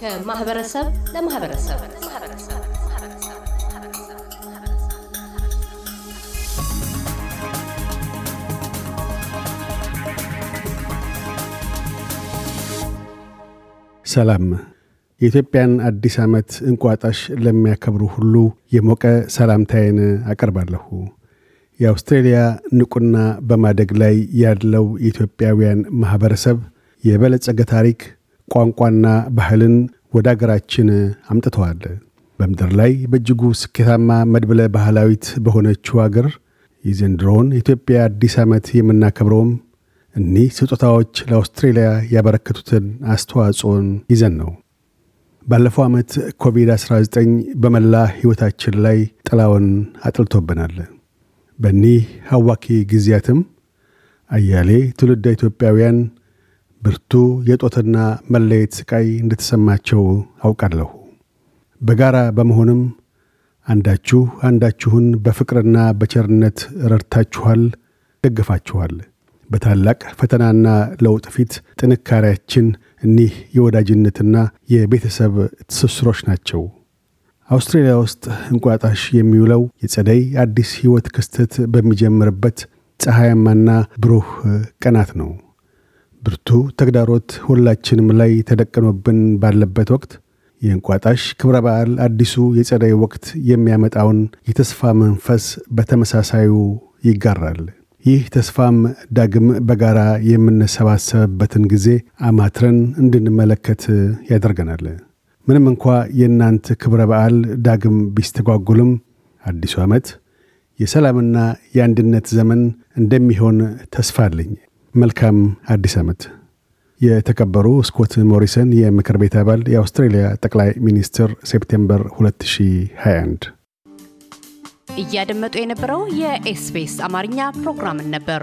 ከማህበረሰብ ለማህበረሰብ ሰላም። የኢትዮጵያን አዲስ ዓመት እንቋጣሽ ለሚያከብሩ ሁሉ የሞቀ ሰላምታዬን አቀርባለሁ። የአውስትሬልያ ንቁና በማደግ ላይ ያለው የኢትዮጵያውያን ማኅበረሰብ የበለጸገ ታሪክ፣ ቋንቋና ባህልን ወደ አገራችን አምጥተዋል። በምድር ላይ በእጅጉ ስኬታማ መድብለ ባህላዊት በሆነችው አገር የዘንድሮውን የኢትዮጵያ አዲስ ዓመት የምናከብረውም እኒህ ስጦታዎች ለአውስትሬልያ ያበረከቱትን አስተዋጽኦን ይዘን ነው። ባለፈው ዓመት ኮቪድ-19 በመላ ሕይወታችን ላይ ጥላውን አጥልቶብናል። በኒህ ሐዋኪ ጊዜያትም አያሌ ትውልደ ኢትዮጵያውያን ብርቱ የጦትና መለየት ስቃይ እንደተሰማቸው አውቃለሁ። በጋራ በመሆንም አንዳችሁ አንዳችሁን በፍቅርና በቸርነት ረድታችኋል፣ ደግፋችኋል። በታላቅ ፈተናና ለውጥ ፊት ጥንካሬያችን እኒህ የወዳጅነትና የቤተሰብ ትስስሮች ናቸው። አውስትራሊያ ውስጥ እንቁጣጣሽ የሚውለው የጸደይ አዲስ ሕይወት ክስተት በሚጀምርበት ፀሐያማና ብሩህ ቀናት ነው። ብርቱ ተግዳሮት ሁላችንም ላይ ተደቅኖብን ባለበት ወቅት የእንቋጣሽ ክብረ በዓል አዲሱ የጸደይ ወቅት የሚያመጣውን የተስፋ መንፈስ በተመሳሳዩ ይጋራል። ይህ ተስፋም ዳግም በጋራ የምንሰባሰብበትን ጊዜ አማትረን እንድንመለከት ያደርገናል። ምንም እንኳ የእናንት ክብረ በዓል ዳግም ቢስተጓጉልም አዲሱ ዓመት የሰላምና የአንድነት ዘመን እንደሚሆን ተስፋ አለኝ። መልካም አዲስ ዓመት። የተከበሩ ስኮት ሞሪሰን የምክር ቤት አባል፣ የአውስትሬልያ ጠቅላይ ሚኒስትር ሴፕቴምበር 2021። እያደመጡ የነበረው የኤስፔስ አማርኛ ፕሮግራምን ነበር።